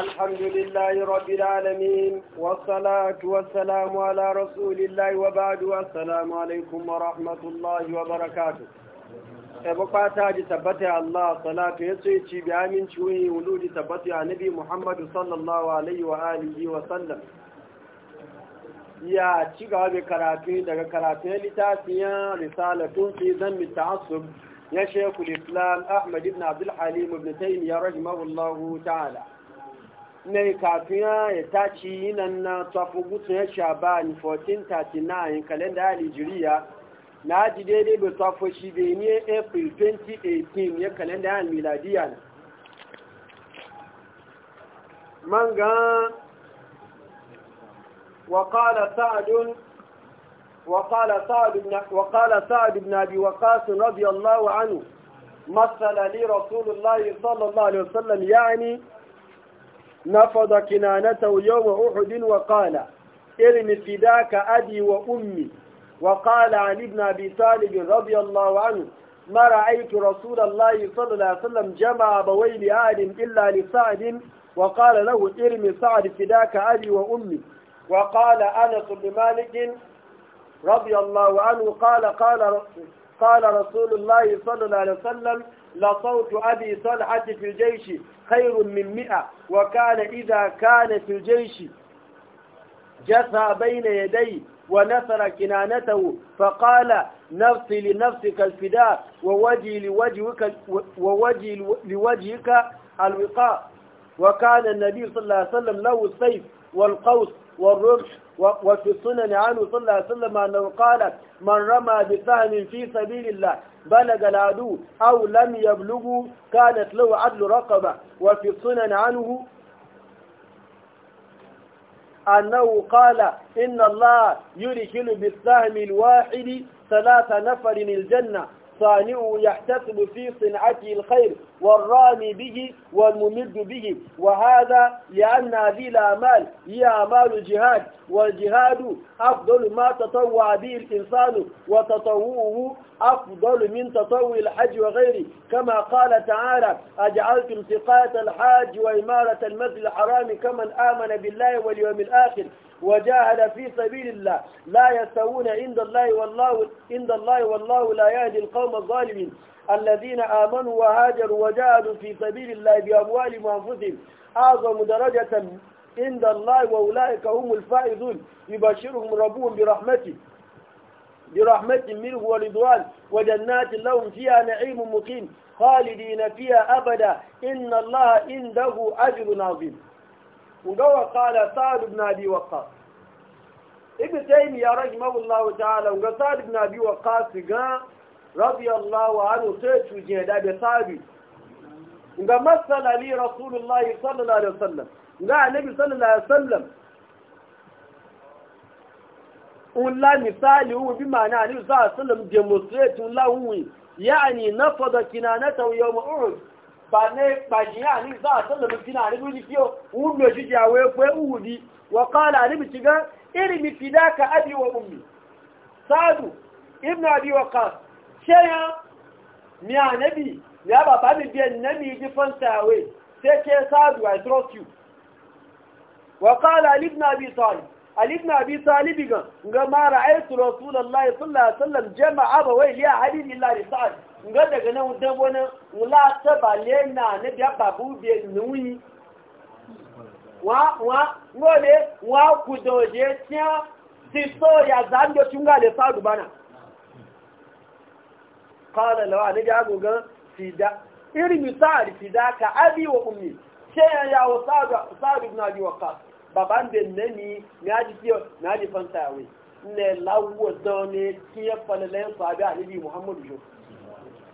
الحمد لله رب العالمين والصلاة والسلام على رسول الله وبعد والسلام عليكم ورحمة الله وبركاته ebukwa ta ji tabbata Allah salatu ya ce ci bi amin ciwon wuludi tabbata a nabi Muhammadu sallallahu alaihi wa alihi wa sallam ya ci gaba da karatu daga karatun littafiyan risalatun fi zammi ta'assub ya shekul islam ahmad ibn abdul halim ibn taymiyyah rahimahullahu ta'ala mai kafin ya taci yinan na tafogutun ya shaban 1439 kalenda alijiriya na ji daidai bai tafo shi bai ne april 2018 ya kalenda ya miladiya na man gan وقال سعد وقال سعد بن وقال سعد بن ابي وقاص رضي الله عنه مثل نفض كنانته يوم أحد وقال ارم فداك أبي وأمي وقال عن ابن أبي طالب رضي الله عنه ما رأيت رسول الله صلى الله عليه وسلم جمع أبوي لآل إلا لسعد وقال له ارم سعد فداك أبي وأمي وقال أنس بن مالك رضي الله عنه قال قال قال رسول الله صلى الله عليه وسلم لصوت أبي صلحة في الجيش خير من مئة وكان إذا كان في الجيش جثى بين يديه ونثر كنانته فقال نفسي لنفسك الفداء ووجهي لوجهك, ووجهي لوجهك الوقاء وكان النبي صلى الله عليه وسلم له السيف والقوس والرمح وفي السنن عنه صلى الله عليه وسلم أنه قال من رمى بسهم في سبيل الله بلغ العدو أو لم يبلغه كانت له عدل رقبة وفي السنن عنه أنه قال إن الله يرسل بالسهم الواحد ثلاث نفر الجنة صانعه يحتسب في صنعته الخير والرامي به والممد به وهذا لأن هذه الأعمال هي أعمال الجهاد والجهاد أفضل ما تطوع به الإنسان وتطوعه أفضل من تطوع الحج وغيره كما قال تعالى أجعلتم سقاية الحاج وإمارة المسجد الحرام كمن آمن بالله واليوم الآخر وجاهد في سبيل الله لا يستوون عند الله والله عند الله والله لا يهدي القوم الظالمين الذين آمنوا وهاجروا وجاهدوا في سبيل الله بأموالهم وأنفسهم أعظم درجة عند الله وأولئك هم الفائزون يبشرهم ربهم برحمته برحمة منه ورضوان وجنات لهم فيها نعيم مقيم خالدين فيها أبدا إن الله عنده أجر عظيم ga wakala sa'ad ibn abi waqqas ibn taymiya rahimahullahu ta'ala ga sa'ad ibn abi waqqas ga radiyallahu anhu sai tuje da da sabi ga masala li rasulullahi sallallahu alaihi wasallam ga annabi sallallahu alaihi wasallam unla misali hu bi ma'ana annabi sallallahu alaihi wasallam demonstrate unla hu yani nafada kinanata yawm uhud bane bajiya ni za a san da mutum na rubuci kiyo wun da shi jawo ya kwaye uhudi wa kala rubuci ga irimi fidaka abi wa ummi sadu ibnu abi wa qas sheya mi anabi ya baba mi bi annabi ji fanta we sai ke sadu i trust you wa kala ibnu abi talib Ali ibn Abi Talib nga daga nan wudan wani wula ta ba lena na biya babu biya nuyi wa wa ngole wa ku doje tiya ti so ya zanjo tunga le sa dubana qala lawa ne ja goga fida iri misali fida ka abi wa ummi sai ya wa sa sa ibn abi waqas baban de nani ngaji tiyo ngaji fantawe ne lawo dole tiya falalen sahabi ali muhammadu shofi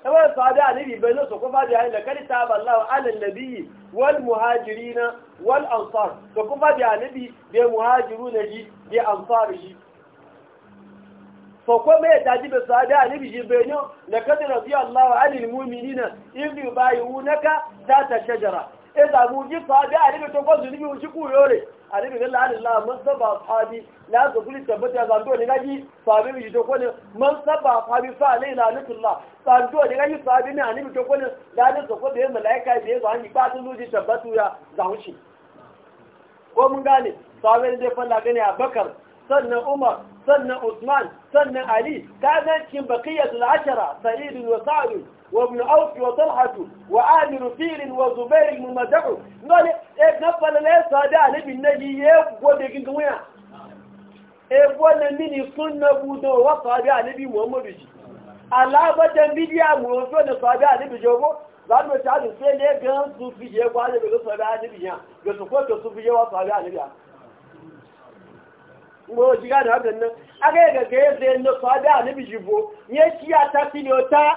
kawai sahabi annabi bai zo soko ba jihadi da kari ta Allah ala nabi wal muhajirina wal ansar to kuma bi annabi bi muhajiruna ji bi ansar ji soko mai daji da sahabi annabi ji bai no la kad radi Allah anil mu'minina in yubayunaka ta ta shajara idan mu ji sahabi annabi to ko zulubi mu ji ku yore alibi gala alila man saba sahabi la ga kuli tabbata zando ne gaji bi to kone man saba fa la ne gaji ne to kone da ko be malaika be ga ni ba tun luji tabbatu ya zawuci ko mun gane sahabi da fa gane abakar sannan umar sannan usman sannan ali ka ga cikin baqiyatul ashara sa'id wa sa'id وابن أوف وطلحة وعامر فيل وزبير الممدح قال إيه نفل ليه صادع نبي النجي يبوى بيكين كويا يبوى نميني سنة بودو وصادع نبي محمد جي على بدن بيديا موفون صادع نبي جوبو لأنه تعالى سيلي كان صوفي يبوى نبي صادع نبي جان يسوكوك صوفي يبوى صادع نبي جان mo jiga da hakan nan aga ga ga yadda na fada na bijibo ya ciya ta filiota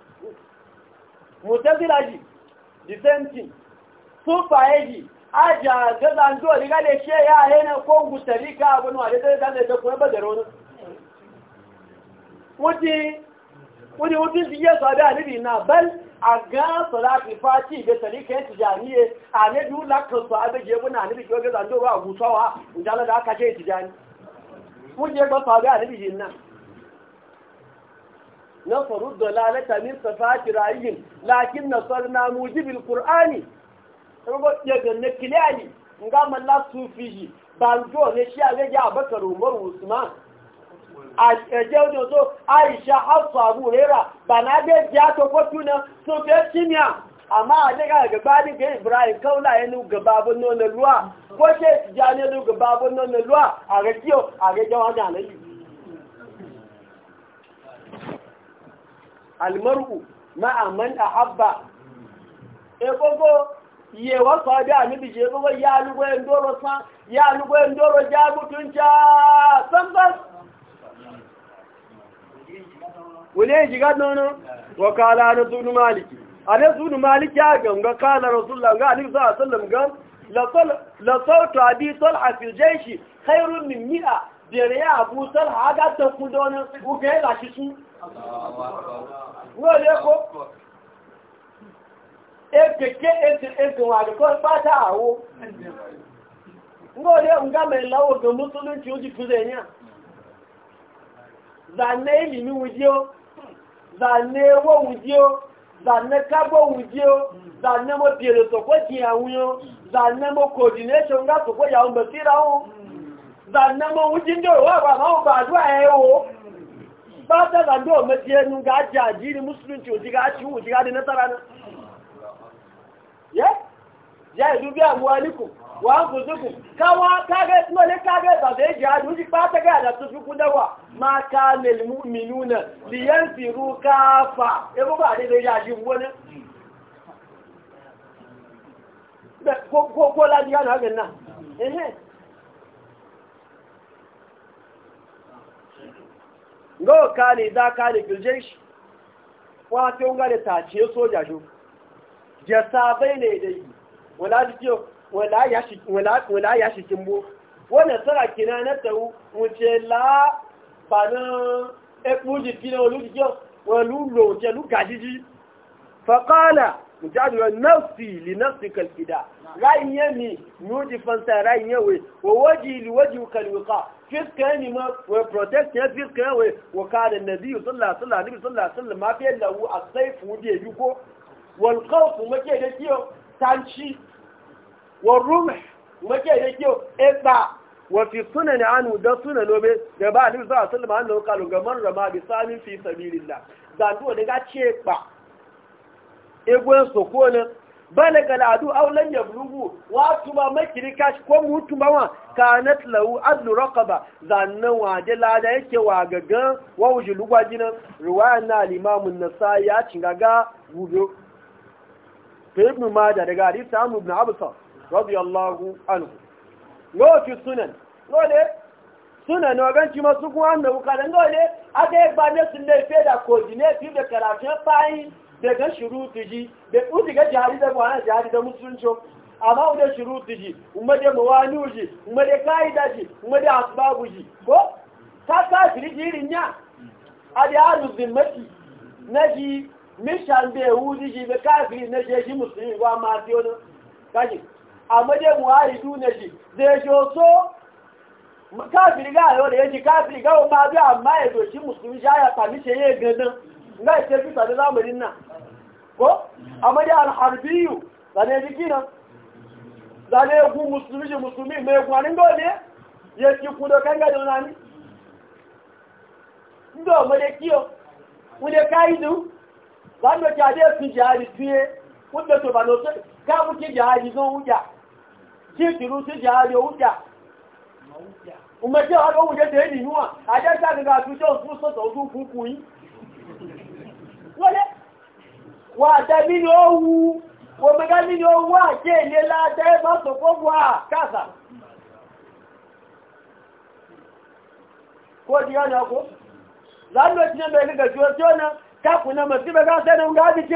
mutazila ji dissenting sufaye ji a ga zanto riga da she ya hena ko gutarika abun wa da zan da kuma badaro ne wuti wuti wuti ji ya sabi alibi na bal a ga salati fati da talika ya tijaniye a ne du lakan su abe je buna alibi ko ga zanto a gusawa inda da aka je tijani wuti ya ba sabi alibi nan نصروا الضلالة من صفات رأيهم لكن ne shi القرآن يقول نكلاني نقام الله صوفيه A نشيا لجا بكر Aisha, وثمان ẹjẹ́ bana tó àìṣà àṣọ àbúrẹ́rà bànájẹ́ jẹ́ àtọ́kọ́túnà tó fẹ́ síníà àmá àjẹ́gà gaba nígbé ibrahim kaula ẹnu gaba bó náà lọ́lọ́à kó ṣe ìjá ní ẹnu gaba bó náà lọ́lọ́à àrẹ́kíọ̀ àrẹ́jọ́ wọn dà lẹ́yìn almaru ma'a man ahabba e gogo wa da bi je gogo ya lugo en doro san ya lugo en doro ja mutun ja san bas wule ji ga wa kala na zunu maliki ana zunu maliki ya ga kala rasulullah ga ali sallallahu alaihi ga la sautu abi talha fil jaysh khairun min mi'a dere ya abu talha ga ta kudona ku ga shi su wọ́n lè kó ẹgbẹ̀kẹ́ ẹgbẹ̀wọ̀n àdìkọ́ pátá àwó ngọ́ lè ń gámẹ̀ láwọ̀ gan tí ó jì fúrẹ̀ ní à zànẹ́ ìlì ní wùjí ó zànẹ́ ewó wùjí ó zànẹ́ kágbó wùjí ó zànẹ́ mo bèèrè tọ̀pọ̀ jì àwọn yóò zànẹ́ mo coordination gá tọ̀pọ̀ yàwó mẹ́síra ó zànẹ́ mo wùjí ń dòrò wà ba ta zando a matsayin ga aji ajiyar musulunci oji ga aji oji ga da nasara nan ya ya yi dubi amuwanikun wa an kuzuku kawa kaga mole kaga ba zai ji hadu shi ba ta ga da su fi kudawa ma ka lil mu'minuna li yanfiru kafa e ba da zai ya ji wani ko ko la diya na ga na eh ka kane za kane filjen shi kwafi yunga da taciye soja shi jasabai ne da yi wala jikiyo wala ya shi kimbo wanda tsara kina na tau wuce la banin ekpuji fi na wani e jikiyo wani lote lukajiji faƙala mujadura nafsi li nafsi kalfida ra'in yami nuji fansa ra'in yawai wa waji li waji kalwika fiska ne ma wa protest ya fiska ya wa kada nabi sallallahu alaihi wasallam nabi sallallahu alaihi wasallam ma fi lahu as-sayfu bi ko wal khawf ma ke da kiyo tanci wa rumh ma ke da kiyo eba wa fi sunan anu da sunan lobe da ba nabi sallallahu alaihi wasallam annahu qalu gaman rama bi samin fi sabilillah da duwa daga ce ba egon sokona bala galadu aulan ya bulugu wa tuma makiri kashi ko mutu wa? kanat lahu adlu raqaba zannan wa de lada yake wa gagan wa wujulu gwajina riwaya na al-imam an-nasai ya cingaga gudu ta ma da daga hadith amu ibn absa radiyallahu anhu lokaci sunan lole sunan wagan ci masu kuma annabu kadan gole aka yi ba ne sun da fe da coordinate da karatun fayin daga shurutu ji da uti ga jihadi da buhari jihadi da musulunci amma wanda shurutu ji kuma da mawani ji kuma da kaida ji kuma da asbabu ji ko ta kafiri jirin ya a da yaro zimmati na ji mishan da yahudi ji da kafiri na je ji musulmi ba ma fi wani kaji amma da buhari duna ji da ya so kafiri ga yau da ya ji kafiri ga ma bi amma ya e doshi musulmi ya ya fami ce ya ganin nga ce fi sani lamarin nan ko amma da alharbiyu zane jiki nan zane ya ku musulmi shi musulmi mai kwanin ndo mo de kiyo mo kaidu zan do ja de fi ja ri tie mo de to ba no se ka mu ki ja ri zo uja ti ti ru ti ja ri uja mo uja mo je ha wọlé wà àtẹ́bí ni ó wu wọ́mẹ́gẹ́bí ni ó wú àṣẹ ìlélá tẹ́ mọ́sùn kó wà káàsà kó di ọ̀nà ọkọ́ lánàá tí na mẹ́rin gẹ̀jú ọjọ́ náà káàkùn náà mọ̀sí mẹ́gá sẹ́nu ń gáàbì tí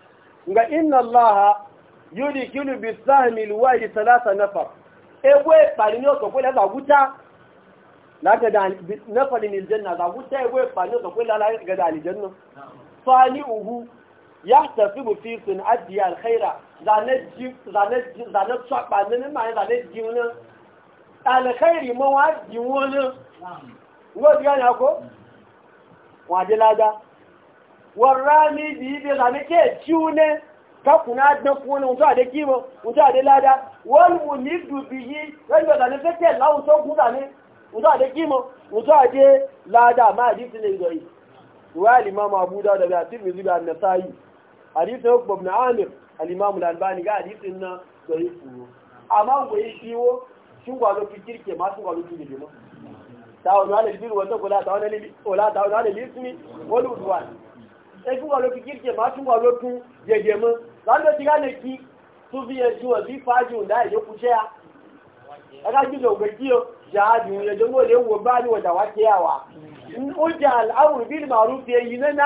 Nga inna allaha yudikilu bisahmi alwadi thalatha nafar ewe palinyo to kwela za guta la ga da nafar ni aljanna za guta ewe palinyo to kwela la ga da aljanna fani uhu yahtasibu fi sun'ati alkhaira za ne ji za ne ji za ne tsaba ne ma za ne ji wona alkhairi mo wa ji wona wo di ga ko wa de lada warrami biyi bai zane ke ciwo ne ka kuna dan kuna mutu a da kima mutu a da lada wani munidu biyi wani bai zane sai ke lada ma a jisun ne zai ruwa abu da da bai zuba na sayi hadisi ya kuma na amir alimamu da albani ga hadisin na zai furo amma goyi ciwo sun gwalo fi kirke ma sun gwalo fi girma ta wani wani biru wata kula ta ẹgbẹ́ wà lókè kí ìkẹ̀má tún wà lókun yẹ̀yẹ̀ mọ́ láńdọ̀ ti rálẹ̀ kí tó fi ẹjú ọ̀bí fáájú ńlá ìyókù ṣẹ́ a ẹ̀ka jí lọ gbẹ̀jí o ṣáájú ìyẹjọ́ wọ́n lè wọ bá níwọ̀n dàwà ṣe àwà ó jẹ́ àwọn ìbí màrú fi èyí nẹ́nà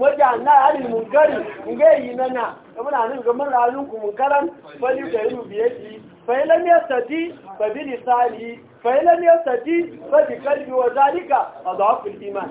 wọ́n jẹ́ àná àárín mùkárì ńgẹ́ èyí nẹ́nà ẹ̀mọ́n àánú nǹkan mọ́ra alúkù mùkárán pẹ̀lú pẹ̀lú bíẹ́sì فإلم يستطيع فبلسانه فإلم يستطيع فبقلبه وذلك أضعف الإيمان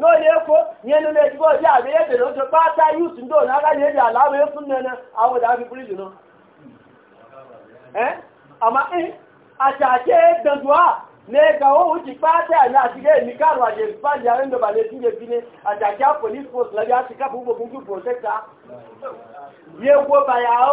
n'oye ekwo nye nínú ẹjọ́ ọjọ́ àbí ẹgbẹ̀rẹ̀ oṣù pátá yóò tún dòun náà káyé èdè àláwọ̀ ẹkùn nẹ́nà àwọn ọ̀dà fi búrú jùlọ. na ń àṣàṣe danduwa ní ẹgbà owó ti pátá àmì àṣìlẹ̀ èmi káàrù àṣẹ ìfàjì arẹ́ndọ̀bà lè tún lè fi ní àṣàṣe police force lọ́bí àti kápù gbogbo fún protector. yẹ wo bàyà ó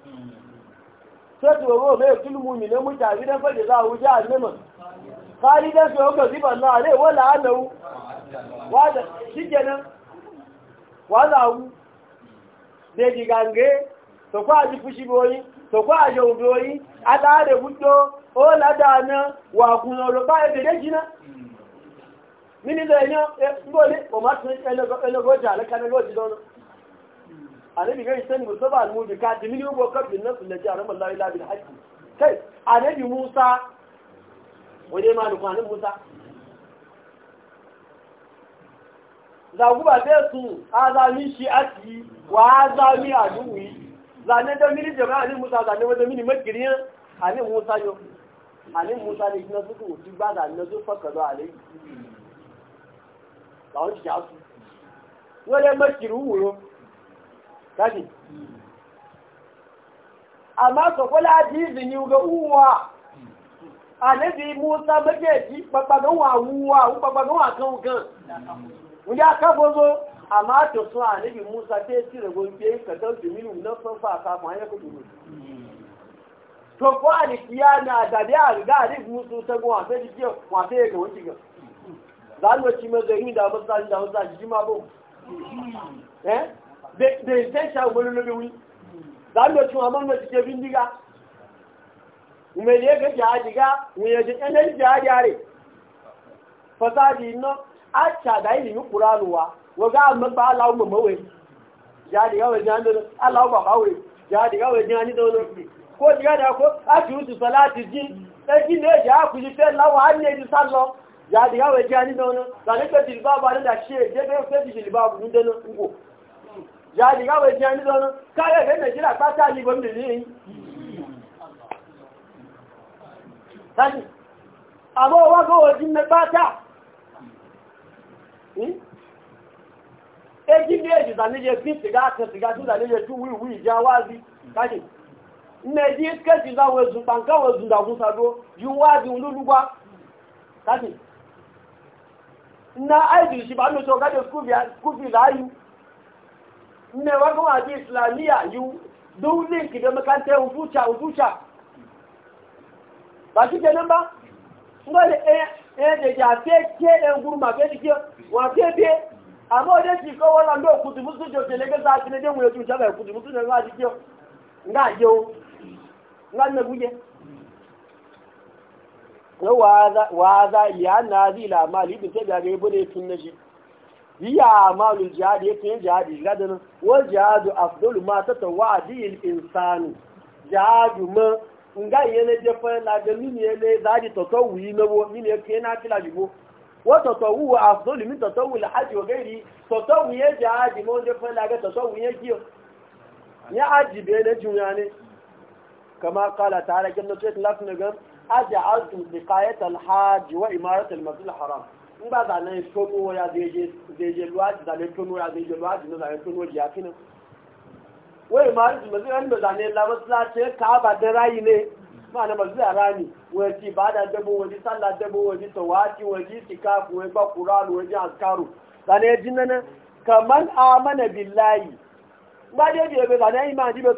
sai su wa mai filmu ne mutane don fadi za a wuce a nema kari don su yau ziban na ne wala annahu wada shi kenan wada wu ne gigange to kwa ji fushi boyi to kwa ji oboyi a da da gudo o lada na wa kun oro ba e de jina mini da yan ngole o ma tun enogo enogo ja le annabi gai sani musaba ba almuji ka ji mini yugo kabin nasu a jarum Allah ila bil haqqi kai annabi Musa wani ma duk annabi Musa za ku ba da su azami shi ati wa azami duwi, zane da mini jama'a annabi Musa zane da mini makiriya annabi Musa yo annabi Musa ne kina su ku ba da annabi su fa da alai ba wani shi asu wale makiru wuro kaji amma ka kula jizi ga uwa anabi musa ji babbagan wa uwa babbagan wa kan kan wuje aka bozo amma to so anabi musa ta te tire gonke ka ta duminu na fafa ka ma ya kudu to ko na kiyana da da ga ali musu ta go afa dike wa te ga wuci ga zan wuci ma ga da musa da musa jima bau. eh da ya sha wani lobe wuri za mu ci mamman na cike bindiga mai ne ga jihadi ga mai yaji ɗanar jihadi are fasadi no a ca da yi yi kuranuwa wa ga amma ba alawu ma mawai jihadi ga wajen hannun alawu ba mawai jihadi ga wajen hannun da wani ko jihadi ko a ci wuce salati ne ya ku ji fẹ́ láwọn á ní ẹni sálọ jihadi ga wajen hannun da wani zanen fẹ́ jìlìbá ba ní da ṣe jẹ́ fẹ́ jìlìbá bu ní dẹ́nu ngò jáde gáwé jẹ́ ní lọ́nà káyẹ̀ lé nàìjíríà pátá ní gbọ́mì ní èyí tàbí àbọ́ wágọ́wọ́ jí mẹ́ pátá ẹjí ní èjì ìdàníyẹ bí sìgá àti sìgá tí ìdàníyẹ tí wíwí ìjá wáàzí tàbí mẹ́jí kẹ́sì láwọn ẹzùn pàǹkáwọn ẹzùn dàgún sàdó yíó wáàzí olúlúgbá tàbí na àìdìrìṣìbà ní oṣù ọgájọ skúfì láàyù ne wa kuma aji islamiyya yu duk link da makarantar hutuca hutuca ba shi kenan ba ngole eh eh de ja fe ke en gurma fe dike wa fe be amma de ti ko wala ndo kutu musu jo tele ga za tine de mu yotu ja ba kutu musu ne ga dike nga jo nga ne buje wa za wa za ya na zila mali bi sai ga ga bude tun na shi hiya malul jihadi yake yin jihadi ga da nan wani jihadu afdalu ma a al insani jihadu ma nga iya na jefa na ga a ji zadi yi na mini min yake na kila jibo wa wa afdalu min tatawu al haji wa gairi tatawu ya jihadi ma je fa la ga tatawu ya kiyo ya haji be na junya ne kama kala ta'ala jannatu lafna gam aj'altu liqayat al hajj wa imarat al masjid haram ń bá na tónú ya zèje lọ́wọ́dì zàlẹ̀ tónú ya zèje lọ́wọ́dì ní zàlẹ̀ tónú ya fi nan wai ma su mazu yan da zane la masallaci ka ba da rayi ne ma na mazu rani wai ba da dabo wani sallah dabo wani tawati wani tikafu wai ba qur'an wani azkaru zane jinna kaman amana billahi ba dai bai zane imani ba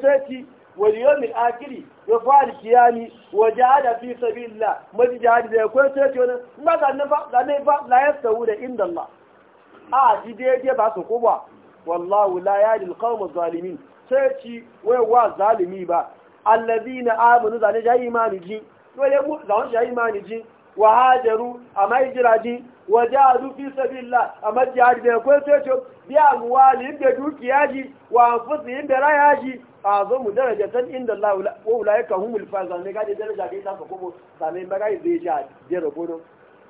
واليوم الآخر يفعل كياني وجعل في سبيل الله ما جهاد ده كوي تيتي ولا ما كان نفع لا نفع لا يستوون عند الله آه دي دي دي باسو كوبا والله لا يهدي القوم الظالمين تيتي ويوا ظالمي با الذين آمنوا ذا نجا إيمان جي ويقول ذا نجا إيمان جي وهاجروا أما يجراجي وجاهدوا في سبيل الله أما جهاد ده كوي تيتي بأموالهم بدوكياجي وأنفسهم براياجي azamu darajatan inda Allah wa ulaika humul fazan ne gaje daraja ga isa ko same bagai zai ja jero bono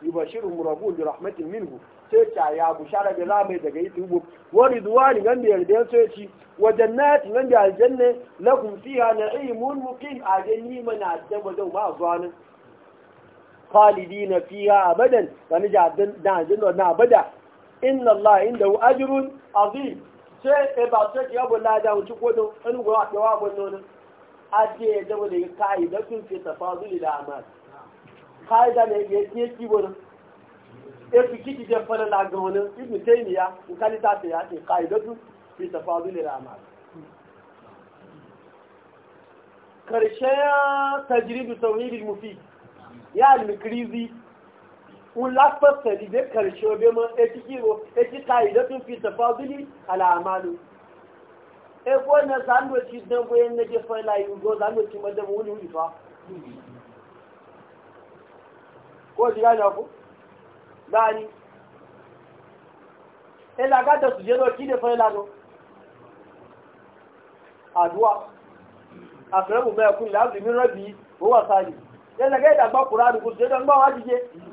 yubashiruhum rabbuhum bi rahmatin minhu sai ta ya bushara bi rabai daga yutubu wa ridwani ganda yarda sai ci wa jannati ganda aljanna lakum fiha na'imun muqim ajanni mana da bazau ba zuwanin khalidina fiha abadan wani ja dan dan na abada inna Allah indahu ajrun azim sai e ba sai ki yabo mu ci kodo an go a tawa go nono da wani kai da kun fi tafazuli da amal kai da ne ya ce ki e ki la ibn taymiya kali ta ya ce kai da kun tafazuli da amal karshen tajribu ya un lafasar da karshe be man eki kiro eki ka'idatun fi tafaduli ala amalu e ko na zando ci dan boyen na ke fa la yugo zando ci madan wuli wuli fa ko diga na ko dani e la da su jero ki de fa la no a afrabu ma yakun la bi min rabbi huwa sali yana ga da ba qur'an ku je dan ba wajije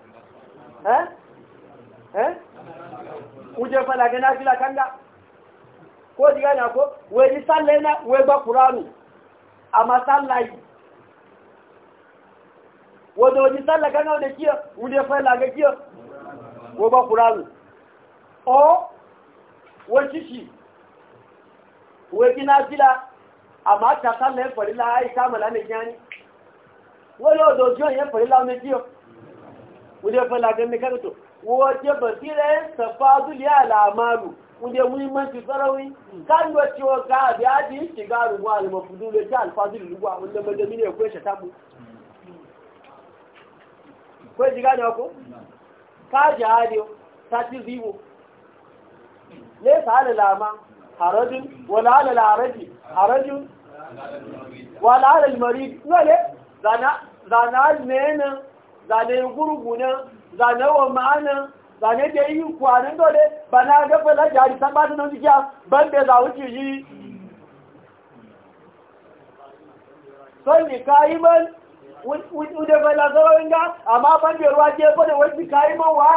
eh eh uje fana ga nafila kanga ko diga na ko we ji sallai na we ba qur'anu amma sallai wo do ji sallai kanga da kiyo uje fana ga kiyo wo gba qur'anu o wo shishi we ji nafila amma ta sallai farila ai kamala ne yani wo lo do jo yen farila ne kiyo wuje fala ga me kato wace basira yin tafadul ya al'amalu wuje muhimmanci sarawi kan da ciwo ka bi aji shiga ruwa al mafudul ta al fadil a wanda madami ne ko shata ku ko jiga ne ko ka jihadi ta ci zibo ne sa ala lama harajin wala ala laraji harajin wala ala al marid wale zana zana ne nan zane gurgu nan zane wa ma'anan zane da yi kwanan dole ba na gafa na jari san ba nan jikiya ban da za wuce yi son ni kayi man wuce bai lazarorin ga amma ban da ruwa ke bane wasu kayi man wa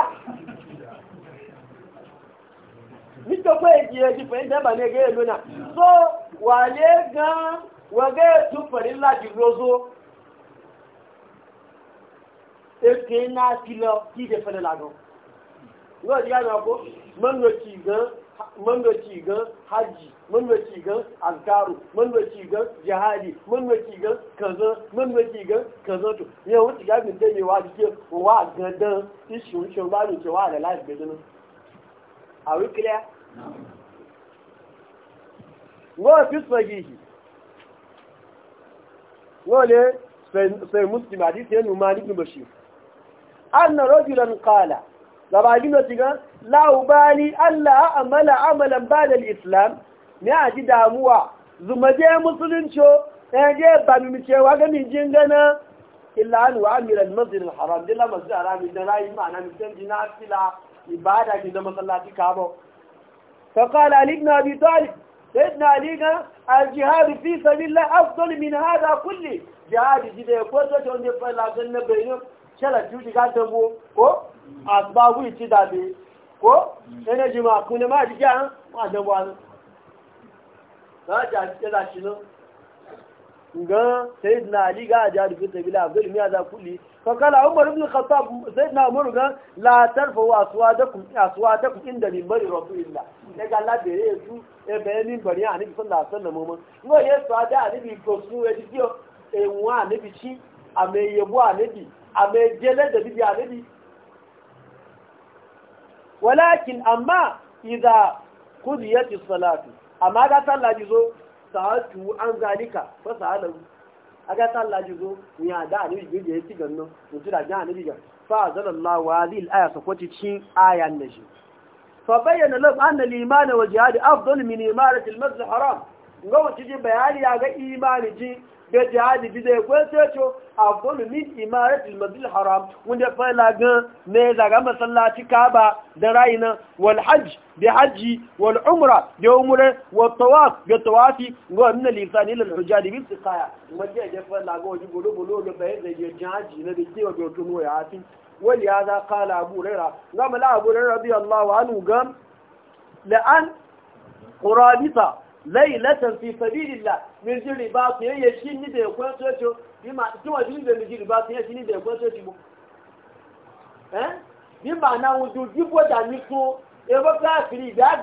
nítò pé èdè èdè fẹ̀yìn tẹ́bà ní ẹgbẹ́ ìlú náà so wà lé gan wọ́gẹ́ tún fẹ̀rí láti lóso eke na filọ kí de fẹ́lẹ̀ lànà yóò di àná kó mọ́nùwẹ̀tì gan mọ́nùwẹ̀tì gan hajj mọ́nùwẹ̀tì gan azkaru mọ́nùwẹ̀tì gan jihadi mọ́nùwẹ̀tì gan kànzán mọ́nùwẹ̀tì gan kànzán tó yẹn wọ́n ti gbàgbé tẹ́lẹ̀ wá di pé òun wà gandan iṣu ń ṣan báyìí ṣe wà rẹ̀ láì gbé dáná àwọn kílẹ̀ wọ́n fi sọ yìí wọ́n lè sẹ̀ mùsùlùmí an rajulan qala gaba gino tiga la ubali allah amala amalan badal islam ne a ji damuwa zumaje musulunci ne je ba mi cewa ga min jin gana illa an wa amira almasjid alharam din la masjid alharam din yi ma'ana min jina fila ibada ki da masallaci ka bo fa qala ali ibn abi talib سيدنا علي قال الجهاد في سبيل الله افضل من هذا كله جهاد جدا يقول لك ان يقول لك ṣẹlẹ̀ tí ó ti ká tẹ́gbó kó àgbàwú ìtí dàbí kó ẹnẹ́jì máa kún ma máa jíjá ma àjẹ́gbó wa ní láti àtẹ́lá ṣínú ǹgan sayidina ali gáàjá àdùfẹ́ tẹ̀bílá abdul miyaza kuli fakala umar ibn khattab sayidina umar gan la tarfa wa aswadakum aswadakum inda bari rasulillah ne ga la bere su e be min bari ani bi sallallahu alaihi wasallam mo ngo yesu ada ani bi ko su e di o e wa ani bi chi ame ani bi A mai jelar da bibi a nabi walakin amma ku ziyarci salatu amma da sallah ji zo sa'atu an zalika fa A aga sallah ji zo ni a da ni ji je ti ganno to tira ja a ga fa zalallahu hadhihi al-aya sakwati cin ayan da shi fa bayyana lahu anna al-iman wa jihad afdal min imarati al-masjid haram ngawa ji bayani ya ga imanin ji ke jihadi bi zai kwen teco a kwallo min imaratul masjidil haram wanda fa lagan ne daga masallaci kaba da rayina wal hajji, da hajji wal umra bi umra wal tawaf bi tawafi wa min al ihsan ila al hujjaj bi istiqaya wanda ya fa lagan waji bolo bolo da bayan zai je jihadi ne da kewa da tuno ya hatin wali ya za kala abu rera gama la abu rera radiyallahu gam la'an, an lailatan fi sabilillah min jiri ba su yayin shi ni da ya to bi ma ki wa jiri shi ya to eh bi ma na ji ko da ni ko e ba ka firi da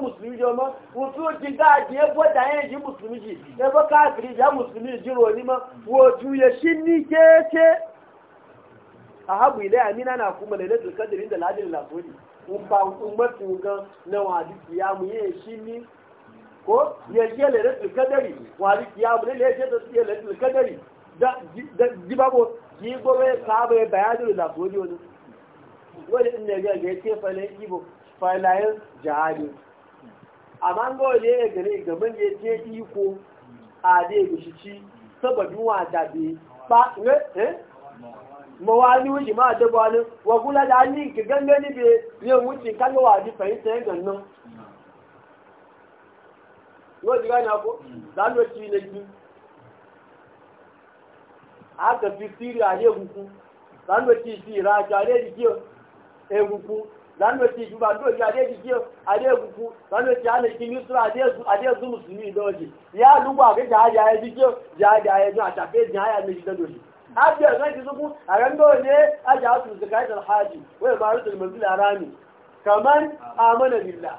musulmi jo mo wo ji ga je da ji musulmi ji e ba ka firi da musulmi ji ro ni ma wo ya shi ni ke ke ahabu ile amina na kuma lailatul qadr inda ladin lafodi un ba un mafi gan na ya mu shi ko ya ke lalatul kadari wani kiyamu ne ya ce da su ke kadari da jibabo ki gobe ka bai bayanin da ko ji wani wani inda ga ga ce falayin ibo falayin jihadi amma ga wani ya gare gaban ya ce iko a dai gushici sababin wata bi ba eh mawani wuce ma da wani wa kula da ni ki gangani be yin wuce kan wadi fahimta ya nan. yóò ti gane ko zanu ci na gi aka fi siri a ne guku zanu ci ci ra ja ne di kiyo e guku zanu ci ju ba do ja ne di kiyo a ne guku zanu ci ane ki mi sura a ne zu a ne zu musulmi doji ya lu ba ke ja ja e di kiyo ja ja e ju a ta pe ja ya ne di doji abiyar zai zubu a rango ne a ja su zakaitar haji wai ba rusul manzila rami kaman amana billah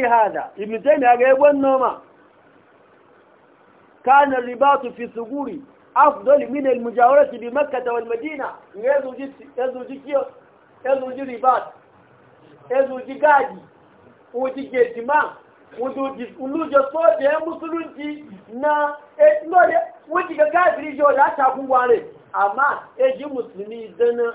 ga hada ibn taymiya ga yabon noma kana ribatu fi suguri afdal min al mujawarati bi makkah wal madina yazo ji ji kiyo yazo ji ribat yazo ji gaji uji getima wudu ji ulujo e musulunci na e no de wuji ga gafiri jo da ta ware amma e musulmi dana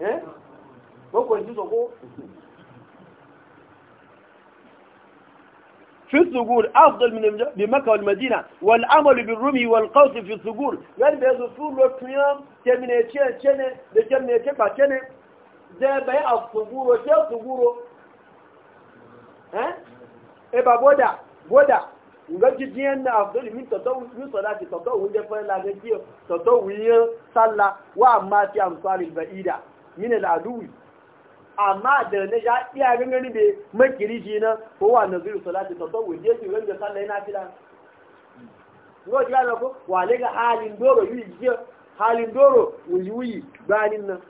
eh makwanci soko في الثقول أفضل من بمكة والمدينة والعمل بالرمي والقوس في الثقول يعني بيزفور لكيام تمنى تشين تشين بتمنى تكا تشين ده بيع الثقول وشي الثقول ها إبا بودا بودا ngaji jiyan na afdali min tatawu min salati tatawu da fa la gaji tatawu ya salla wa amma ti amsalil ba'ida min al'aduwi amma da na ya iya gangani da makiri shi na kowa na zuru salati ta sau wajen su wanda sallah yana fila ko ji ala ko wale ga halin doro yi jiya halin doro wuyi wuyi banin nan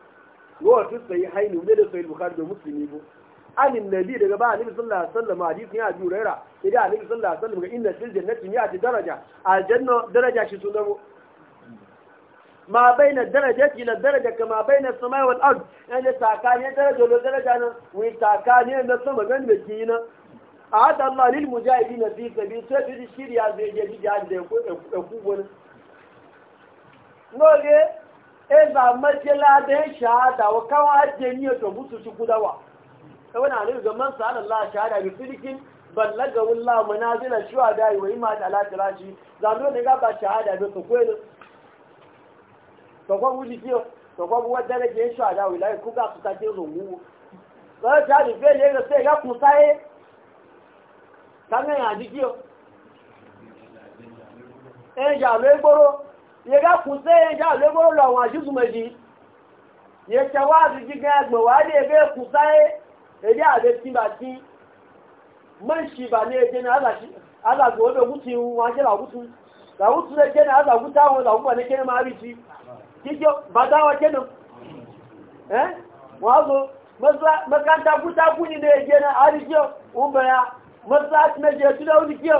ko su sai hainu ne da sai bukhari da muslimi ko anin nabi daga ba annabi sallallahu alaihi wasallam hadisi ya juraira idan annabi sallallahu alaihi wasallam ga inna fil jannati mi'ati daraja aljanna daraja shi sunan ma daraja, darajati ila daraja kama baina samai wal ard yani takani daraja lo daraja nan wi takani na sama gan da A ada Allah lil mujahidin fi Sai fi shiriya zai je jihad da ku ku gona noge e ba majala da shahada wa kawa ajeniyo to mutu shi kudawa sai wani alaihi zaman sa Allah shahada bi sidikin ballaga wallahu manazila shuhada wa imma ala tirashi zanu ne ga ba shahada da su koyi tọ̀kọ́ wú dìde o tọ̀kọ́ wú wẹ́dẹ́rẹ́ jẹ́ iṣu àdá òyìnbá ikú gà tó tajé lò wúwo lọ́wọ́ tí a lè fẹ́ lérò pé ẹ̀yà kún sáyé kámẹ́rin àdíjí o ẹ̀yà lóégbóró ẹ̀yà kún sí ẹ̀yà lóégbóró lọ àwọn àjúzùmọ̀jì yẹ tẹ̀wá àdíjí gan ẹgbẹ̀ wá lè ẹgbẹ́ kún sáyé èdè àdé tí bá tí mọ́ǹṣì bà ní ẹgbẹ́ ní alàgbò ó lè wọn ajẹ́ làwútu làwútu lè ní alàgbò táwọn làwútu kíjọ bàdáwà kẹ́nà wọ́n zo makanta kútakú ní ilé ẹjẹ́ na àríkíọ̀ ọmọya masáàtì mẹ́jẹ̀ ẹ̀túnlẹ̀ oníkíọ̀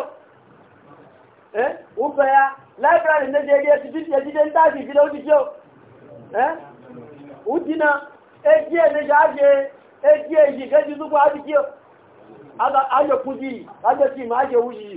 ọmọya láìbíràrí mẹ́jẹ̀ ẹjẹ́ ìtàkì ìfilẹ̀ oníkíọ̀ ọdínà ẹjẹ́ mẹ́jẹ̀ ajẹ́ ẹjẹ́ èyí kẹ́jì túnkọ́ àríkíọ̀ ayọ̀kújì ajẹ́tì máa jẹ́ wúyìí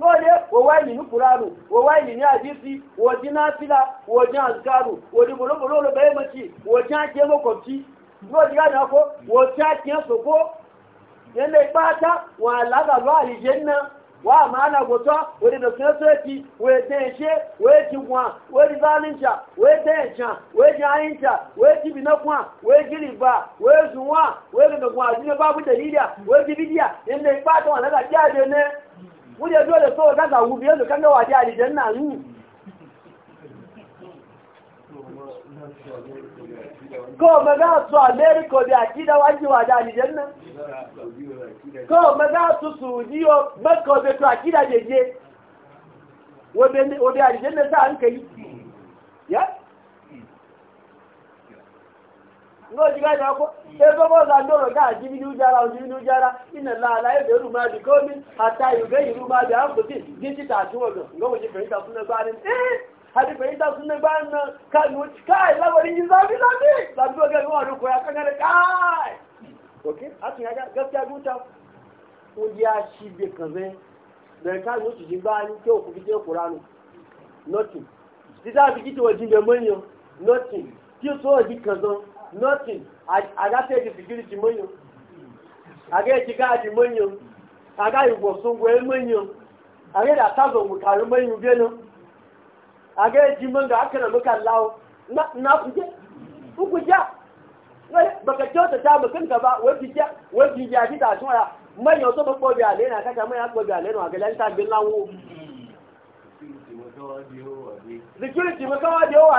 lóde wòwá ìlì ní kùránù wòwá ìlì ní àdísí wòjí náà sílá wòjí àzùkárù wòjí bòlóbòló olóbẹ̀rẹ̀ mọ́tì wòjí àjẹ́ mọ́kọ̀tí lóde yára kó wòjí àjẹ́ sòkó yẹnlẹ̀ ipáta wọn àlágàlọ́ àlìjẹ́ náà wa maana goto wani da sun soki wai tenshe wai kinwa wai zalinta wai wuje dole so ka samu biyar da kan gawa ta aljanna ni ko maza su america da akida waje wa da aljanna ko maza su sujiyo makka da to akida jeje wo be aljanna sa an kai ya ngoji gani wako hivyo moza ndoro kaa jibini ujara ujibini ujara ina la la hivyo ruma bikomi hata yugei ruma bi ambu ti jinsi tatuwa go ngogo jifenita kuna gwani eh hadi fenita kuna gwani kanu kai labo rinji zabi zabi zabi wage nwa ruko ya kangare kai ok hatu ya gaskiya guta uji ya shibe kaze da ka nuti jimbani ke ku fije kuranu nothing tita bi kiti wajin da manyo nothing ti so ji kazan nothing agatẹ́jì security mọ́nyọ́ agẹ́jì gáàjì mọ́nyọ́ agáyìnbọ̀sùnwò mọ́nyọ́ agẹ́jì àtàzọ̀wò kàrí mọ́nyọ́ bẹ́nà agẹ́jì mọ́ngà akẹ́rẹ̀ mọ́kà láwọ́ náàkùjẹ́ ukùjá bàkàtí ọ̀tẹ̀ tá mọ̀kẹ́ nkàbá wẹ́bí jẹ́ àti tàṣúnra mọ́nyọ́ tó pọ̀ bí àlẹ́ nà kájà mọ́nyọ́ pọ̀ bí àlẹ́ nà àgẹ́lẹ́ níta gbé láwọ́ security mọ́kọ́wọ́ di ó wà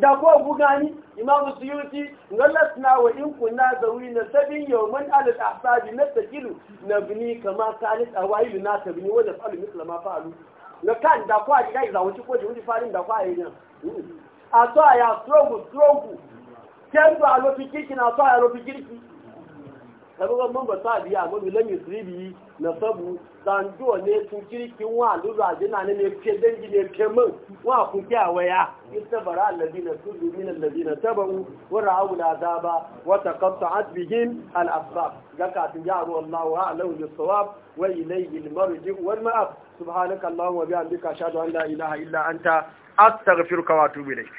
da ko bugani imamu suyuti na wa in kunna zawi na sabin yawman alal ahsabi na takilu na bini kama salis awailu na tabini wanda fa'alu misla ma fa'alu na kan da ko ajiga iza wuci ko jiwuci farin da ko ajiga a so aya strogu strogu kendo a lofi kirki na to aya lofi kirki sabon mun ba sa biya mun lam yusribi na sabu dan do ne tun kirkin wa lura jina ne ne ke dangi ne ke mun wa ku kya waya istabara alladina tudu min alladina tabu wa ra'u al'azaba wa taqatta'at bihim al'asbab gaka tun ya ru Allah wa alahu bis-sawab wa ilayhi al-marji' wal ma'ab subhanaka allahumma wa bihamdika ashhadu an la ilaha illa anta astaghfiruka wa atubu ilayk